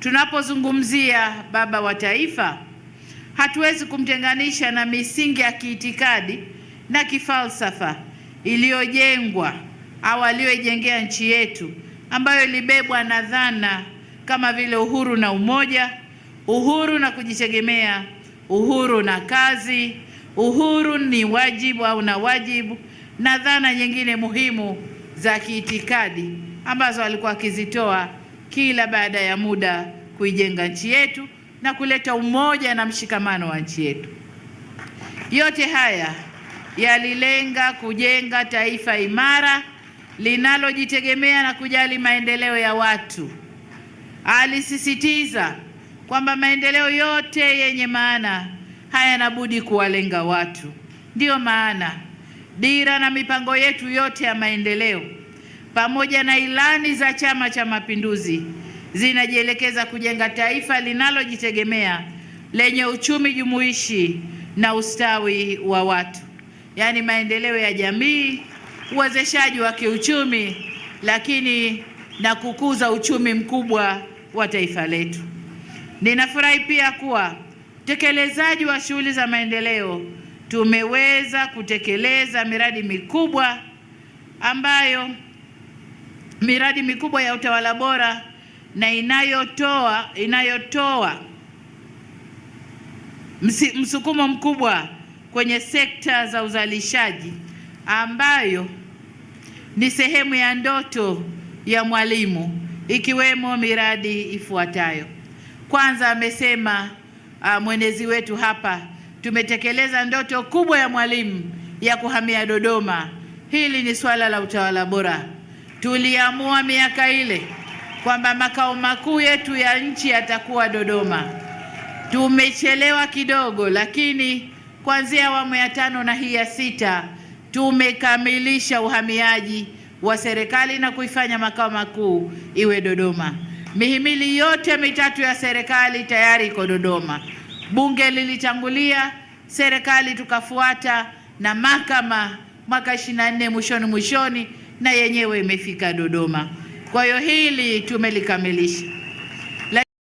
Tunapozungumzia baba wa taifa, hatuwezi kumtenganisha na misingi ya kiitikadi na kifalsafa iliyojengwa au aliyoijengea nchi yetu ambayo ilibebwa na dhana kama vile uhuru na umoja, uhuru na kujitegemea, uhuru na kazi, uhuru ni wajibu au na wajibu, na dhana nyingine muhimu za kiitikadi ambazo alikuwa akizitoa kila baada ya muda kuijenga nchi yetu na kuleta umoja na mshikamano wa nchi yetu. Yote haya yalilenga kujenga taifa imara linalojitegemea na kujali maendeleo ya watu. Alisisitiza kwamba maendeleo yote yenye maana hayana budi kuwalenga watu. Ndiyo maana dira na mipango yetu yote ya maendeleo pamoja na ilani za Chama cha Mapinduzi zinajielekeza kujenga taifa linalojitegemea lenye uchumi jumuishi na ustawi wa watu, yaani maendeleo ya jamii, uwezeshaji wa kiuchumi, lakini na kukuza uchumi mkubwa wa taifa letu. Ninafurahi pia kuwa utekelezaji wa shughuli za maendeleo, tumeweza kutekeleza miradi mikubwa ambayo miradi mikubwa ya utawala bora na inayotoa inayotoa msukumo mkubwa kwenye sekta za uzalishaji ambayo ni sehemu ya ndoto ya Mwalimu ikiwemo miradi ifuatayo. Kwanza amesema uh, mwenezi wetu hapa, tumetekeleza ndoto kubwa ya Mwalimu ya kuhamia Dodoma. Hili ni swala la utawala bora tuliamua miaka ile kwamba makao makuu yetu ya nchi yatakuwa Dodoma. Tumechelewa kidogo, lakini kuanzia awamu ya tano na hii ya sita tumekamilisha uhamiaji wa serikali na kuifanya makao makuu iwe Dodoma. Mihimili yote mitatu ya serikali tayari iko Dodoma. Bunge lilitangulia, serikali tukafuata, na mahakama mwaka 24 mwishoni mwishoni na yenyewe imefika Dodoma. Kwa hiyo hili tumelikamilisha.